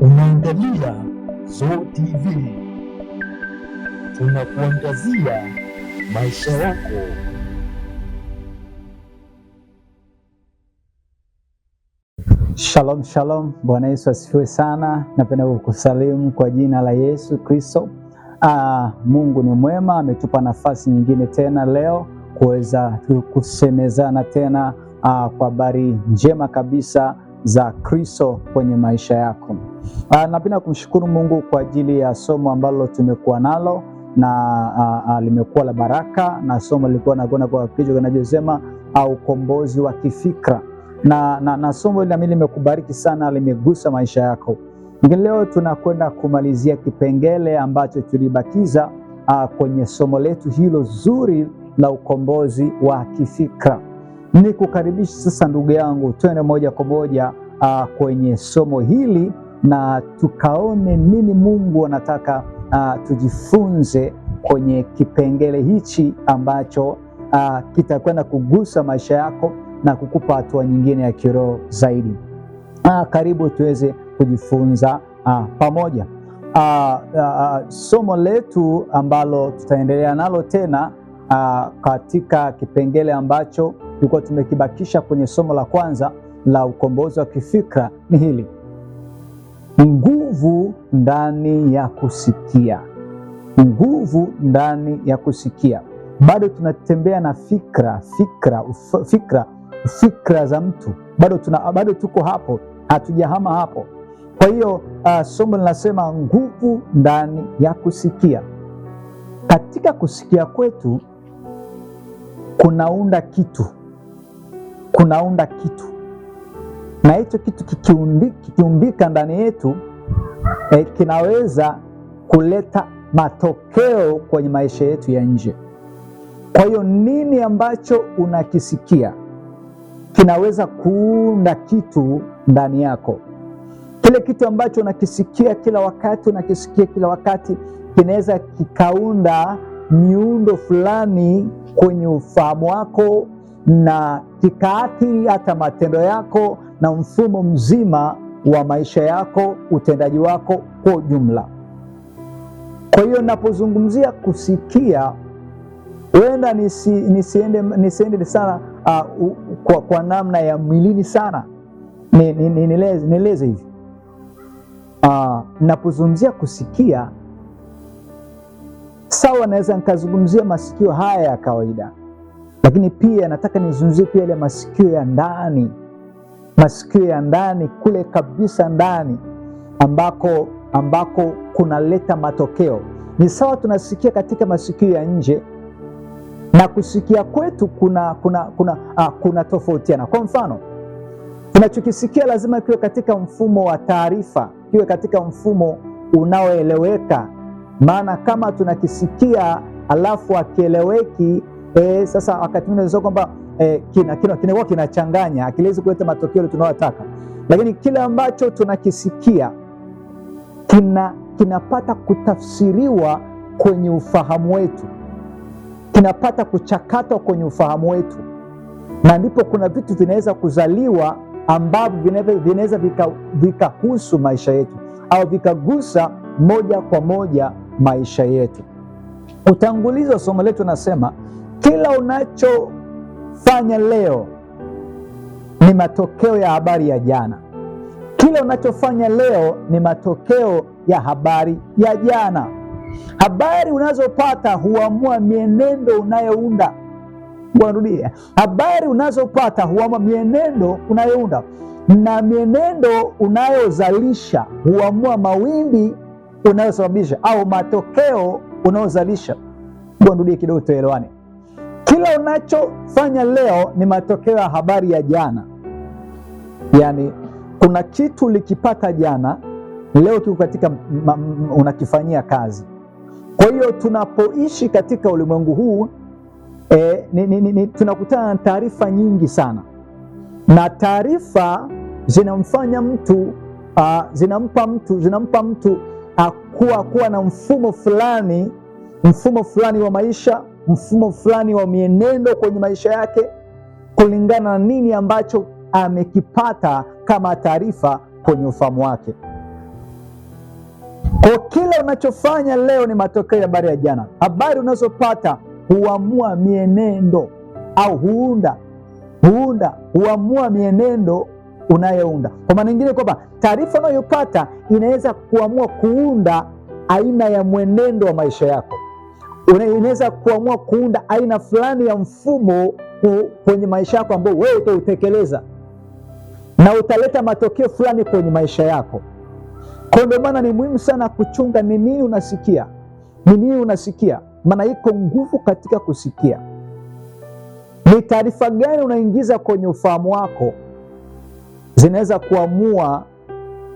Unaangalia Zoe TV, tunakuangazia maisha yako. Shalom shalom, Bwana Yesu asifiwe sana. Napenda kukusalimu kwa jina la Yesu Kristo. Ah, Mungu ni mwema, ametupa nafasi nyingine tena leo kuweza kusemezana tena uh, kwa habari njema kabisa za Kristo kwenye maisha yako. Uh, napenda kumshukuru Mungu kwa ajili ya somo ambalo tumekuwa nalo na uh, uh, limekuwa la baraka na somo lilikuwa nakuona kwa kichwa kinachosema au ukombozi wa kifikra na, na, na somo hili nami limekubariki sana, limegusa maisha yako. Lakini leo tunakwenda kumalizia kipengele ambacho tulibakiza uh, kwenye somo letu hilo zuri la ukombozi wa kifikra. Ni kukaribisha sasa ndugu yangu, twende moja kwa moja uh, kwenye somo hili na tukaone nini Mungu anataka uh, tujifunze kwenye kipengele hichi ambacho uh, kitakwenda kugusa maisha yako na kukupa hatua nyingine ya kiroho zaidi. Uh, karibu tuweze kujifunza uh, pamoja. Uh, uh, somo letu ambalo tutaendelea nalo tena uh, katika kipengele ambacho tulikuwa tumekibakisha kwenye somo la kwanza la ukombozi wa kifikra ni hili: nguvu ndani ya kusikia. Nguvu ndani ya kusikia. Bado tunatembea na fikra fikra uf, fikra fikra za mtu bado, tuna, bado tuko hapo, hatujahama hapo. Kwa hiyo uh, somo linasema nguvu ndani ya kusikia. Katika kusikia kwetu kunaunda kitu kunaunda kitu, na hicho kitu kikiumbika, kikiumbika ndani yetu eh, kinaweza kuleta matokeo kwenye maisha yetu ya nje. Kwa hiyo nini ambacho unakisikia kinaweza kuunda kitu ndani yako. Kile kitu ambacho unakisikia kila wakati, unakisikia kila wakati, kinaweza kikaunda miundo fulani kwenye ufahamu wako na kikaathiri hata matendo yako na mfumo mzima wa maisha yako, utendaji wako kwa ujumla. Kwa hiyo napozungumzia kusikia, huenda nisi, nisiende, nisiende sana uh, u, kwa, kwa namna ya mwilini sana, nieleze hivi uh, napozungumzia kusikia, sawa, naweza nikazungumzia masikio haya ya kawaida lakini pia nataka nizungumzie pia ile masikio ya ndani, masikio ya ndani kule kabisa ndani ambako ambako kunaleta matokeo. Ni sawa, tunasikia katika masikio ya nje na kusikia kwetu kuna kuna kuna, ah, kuna tofautiana. Kwa mfano, tunachokisikia lazima kiwe katika mfumo wa taarifa, kiwe katika mfumo unaoeleweka, maana kama tunakisikia alafu akieleweki E, sasa wakati mwingine kwamba e, kina kina kinakuwa kinachanganya, hakiwezi kuleta matokeo tunayotaka, lakini kile ambacho tunakisikia kina kinapata kutafsiriwa kwenye ufahamu wetu, kinapata kuchakatwa kwenye ufahamu wetu, na ndipo kuna vitu vinaweza kuzaliwa ambavyo vinaweza vikahusu vika maisha yetu au vikagusa moja kwa moja maisha yetu. Utangulizi wa somo letu unasema kila unachofanya leo ni matokeo ya habari ya jana. Kila unachofanya leo ni matokeo ya habari ya jana. Habari unazopata huamua mienendo unayounda. Narudia, habari unazopata huamua mienendo unayounda, na mienendo unayozalisha huamua mawimbi unayosababisha au matokeo unayozalisha. Narudie kidogo tuelewane. Kila unachofanya leo ni matokeo ya habari ya jana. Yaani kuna kitu ulikipata jana, leo kiko katika unakifanyia kazi. Kwa hiyo tunapoishi katika ulimwengu huu e, ni, ni, ni, tunakutana na taarifa nyingi sana, na taarifa zinamfanya mtu a, zinampa mtu zinampa mtu akuwa kuwa, kuwa na mfumo fulani mfumo fulani wa maisha mfumo fulani wa mienendo kwenye maisha yake kulingana na nini ambacho amekipata kama taarifa kwenye ufahamu wake. Kwa kila unachofanya leo ni matokeo ya habari ya jana. Habari unazopata huamua mienendo au huunda huunda huamua mienendo unayounda. Kwa maana nyingine kwamba taarifa unayopata inaweza kuamua kuunda aina ya mwenendo wa maisha yako unaweza kuamua kuunda aina fulani ya mfumo kwenye maisha yako ambao wewe utautekeleza na utaleta matokeo fulani kwenye maisha yako. Kwa ndio maana ni muhimu sana kuchunga ni nini unasikia, ni nini unasikia, maana iko nguvu katika kusikia. Ni taarifa gani unaingiza kwenye ufahamu wako, zinaweza kuamua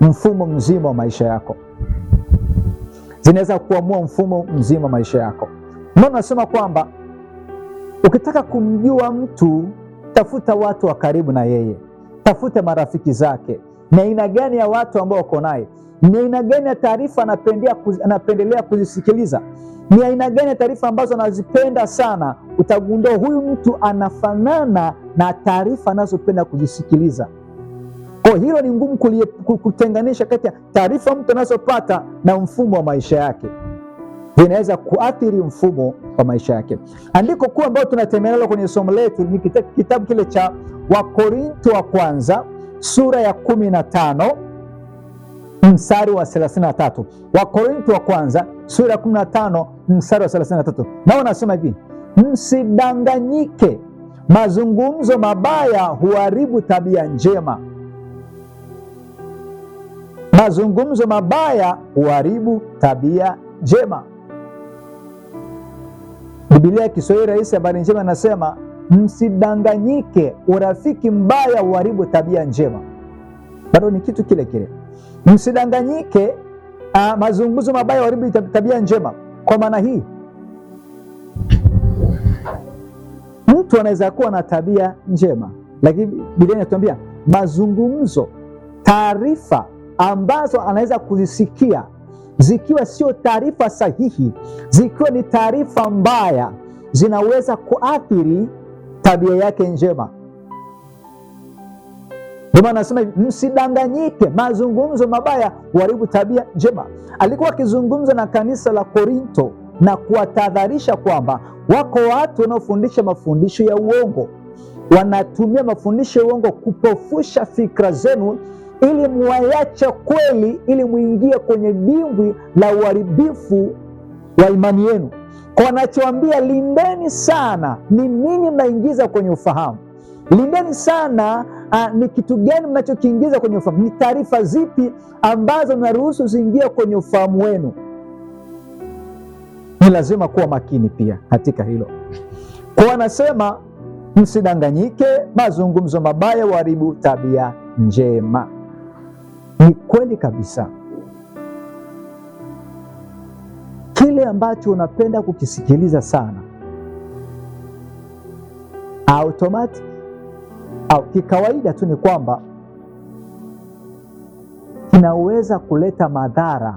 mfumo mzima wa maisha yako, zinaweza kuamua mfumo mzima wa maisha yako. Maana nasema kwamba ukitaka kumjua mtu tafuta watu wa karibu na yeye, tafuta marafiki zake, ni aina gani ya watu ambao wako naye, ni aina gani ya taarifa anapendelea kuzisikiliza, ni aina gani ya taarifa ambazo anazipenda sana. Utagundua huyu mtu anafanana na taarifa anazopenda kuzisikiliza. Kwa hilo ni ngumu kutenganisha kati ya taarifa mtu anazopata na mfumo wa maisha yake vinaweza kuathiri mfumo wa maisha yake. Andiko kuu ambayo tunatembea nalo kwenye somo letu ni kitabu kile cha Wakorinto wa kwanza sura ya 15 mstari wa 33. Wakorinto wa kwanza sura ya 15 mstari wa 33, nao nasema hivi: msidanganyike, mazungumzo mabaya huharibu tabia njema mazungumzo mabaya huharibu tabia njema. Biblia ya Kiswahili rahisi, habari njema, inasema msidanganyike, urafiki mbaya uharibu tabia njema. Bado ni kitu kile kile, msidanganyike, ah, mazungumzo mabaya uharibu tabia njema. Kwa maana hii, mtu anaweza kuwa na tabia njema, lakini Biblia inatuambia mazungumzo, taarifa ambazo anaweza kuzisikia zikiwa sio taarifa sahihi, zikiwa ni taarifa mbaya, zinaweza kuathiri tabia yake njema. Ndio maana anasema hivi, msidanganyike, mazungumzo mabaya huharibu tabia njema. Alikuwa akizungumza na kanisa la Korinto na kuwatahadharisha kwamba wako watu wanaofundisha mafundisho ya uongo, wanatumia mafundisho ya uongo kupofusha fikra zenu ili muwayacha kweli, ili mwingie kwenye dimbwi la uharibifu wa imani yenu. Kwa anachoambia lindeni sana ni nini mnaingiza kwenye ufahamu. Lindeni sana a, ah, ni kitu gani mnachokiingiza kwenye ufahamu? Ni taarifa zipi ambazo mnaruhusu ziingie kwenye ufahamu wenu? Ni lazima kuwa makini pia katika hilo. Kwa anasema msidanganyike, mazungumzo mabaya huharibu tabia njema. Ni kweli kabisa, kile ambacho unapenda kukisikiliza sana automatic au kikawaida tu ni kwamba kinaweza kuleta madhara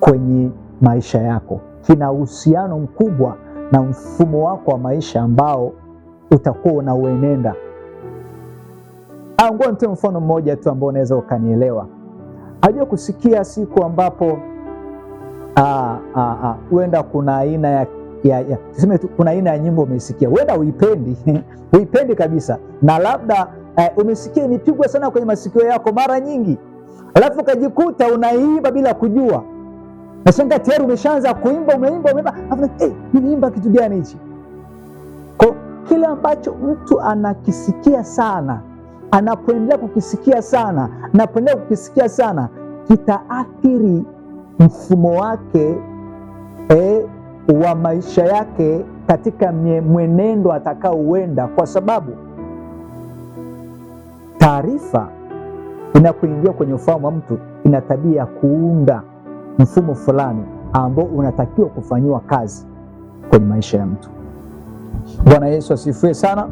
kwenye maisha yako. Kina uhusiano mkubwa na mfumo wako wa maisha ambao utakuwa unauenenda. Au ah, ngoja nitoe mfano mmoja tu ambao unaweza ukanielewa. Hajua kusikia siku ambapo ah, ah, huenda kuna aina ya ya, ya. Tuseme tu kuna aina ya nyimbo umesikia, huenda uipendi uipendi kabisa, na labda uh, umesikia imepigwa sana kwenye masikio yako mara nyingi, alafu ukajikuta unaimba bila kujua, nashangaa tayari umeshaanza kuimba, umeimba umeimba, alafu hey, eh, nimeimba kitu gani hichi? Kwa kile ambacho mtu anakisikia sana anapoendelea kukisikia sana, anapoendelea kukisikia sana kitaathiri mfumo wake e, wa maisha yake katika mwenendo atakaouenda, kwa sababu taarifa inapoingia kwenye ufahamu wa mtu ina tabia ya kuunda mfumo fulani ambao unatakiwa kufanyiwa kazi kwenye maisha ya mtu. Bwana Yesu asifiwe sana.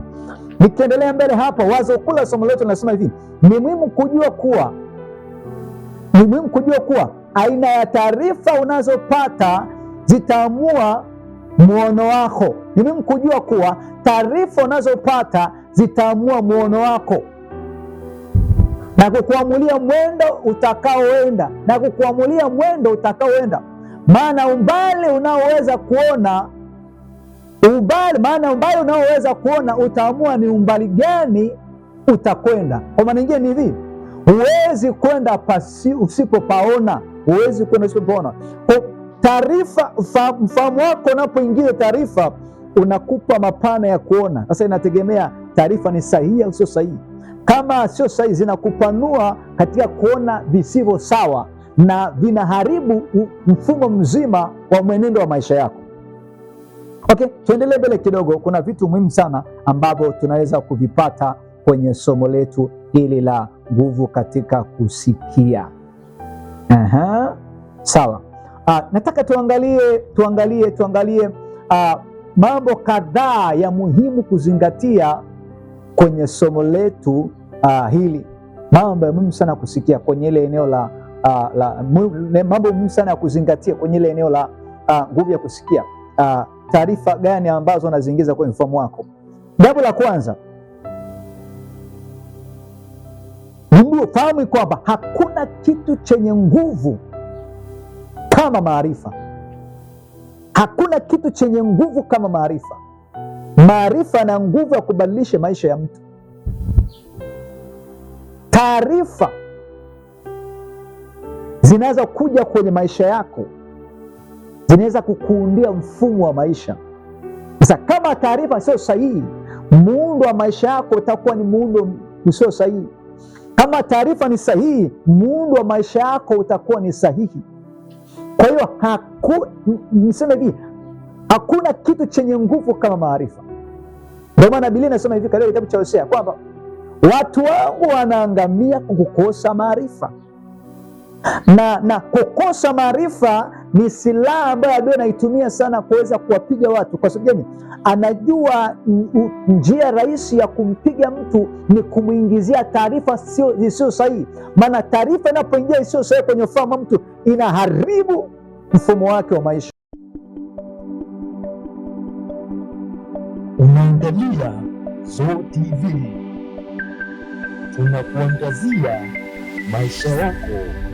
Nikiendelea mbele hapa, wazo kuu la somo letu linasema hivi: ni muhimu kujua kuwa ni muhimu kujua kuwa aina ya taarifa unazopata zitaamua muono wako. Ni muhimu kujua kuwa taarifa unazopata zitaamua muono wako na kukuamulia mwendo utakaoenda na kukuamulia mwendo utakaoenda, maana umbali unaoweza kuona Umbali, maana umbali unaoweza kuona utaamua ni umbali gani utakwenda. Kwa maana nyingine ni hivi, huwezi kwenda usipopaona, huwezi kwenda usipopaona. Kwa taarifa, mfahamu wako unapoingiza taarifa unakupa mapana ya kuona. Sasa inategemea taarifa ni sahihi au sio sahihi. Kama sio sahihi, zinakupanua katika kuona visivyo sawa na vinaharibu mfumo mzima wa mwenendo wa maisha yako. Okay, tuendelee mbele kidogo. Kuna vitu muhimu sana ambavyo tunaweza kuvipata kwenye somo letu hili la nguvu katika kusikia. Aha. Sawa. Aa, ah, nataka tuangalie tuangalie tuangalie aa, ah, mambo kadhaa ya muhimu kuzingatia kwenye somo letu aa, ah, hili mambo ya muhimu sana kusikia kwenye ile eneo la, uh, la mambo muhimu sana ya kuzingatia kwenye ile eneo la nguvu ya kusikia uh, taarifa gani ambazo unaziingiza kwenye mfumo wako. Jambo la kwanza, fahamu kwamba hakuna kitu chenye nguvu kama maarifa. Hakuna kitu chenye nguvu kama maarifa. Maarifa yana nguvu ya kubadilisha maisha ya mtu. Taarifa kuja kwenye maisha yako zinaweza kukuundia mfumo wa maisha. Sasa kama taarifa sio sahihi, muundo wa maisha yako utakuwa ni muundo usio sahihi. Kama taarifa ni sahihi, muundo wa maisha yako utakuwa ni sahihi. Kwa hiyo haku, niseme hivi, hakuna kitu chenye nguvu kama maarifa. Ndio maana Biblia inasema hivi katika kitabu cha Hosea kwamba watu wangu wanaangamia kwa kukosa maarifa na, na kukosa maarifa ni silaha ambayo adui anaitumia sana kuweza kuwapiga watu, kwa sababu gani? Anajua njia rahisi ya kumpiga mtu ni kumwingizia taarifa isiyo sahihi, maana taarifa inapoingia isiyo sahihi kwenye ufahamu wa mtu inaharibu mfumo wake wa maisha. Unaangalia Zoe TV, tunakuangazia maisha yako.